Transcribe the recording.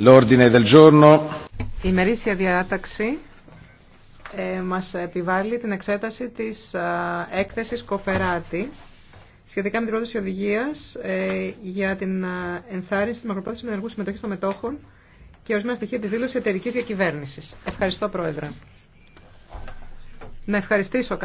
Η ημερήσια διάταξη ε, μας επιβάλλει την εξέταση της έκθεσης Κοφεράτη σχετικά με την πρόταση οδηγίας ε, για την ενθάρρυνση της μακροπρόθεσης ενεργού συμμετοχή των μετόχων και μια στοιχεία της δήλωσης εταιρικής διακυβέρνησης. Ευχαριστώ, Πρόεδρε. Να ευχαριστήσω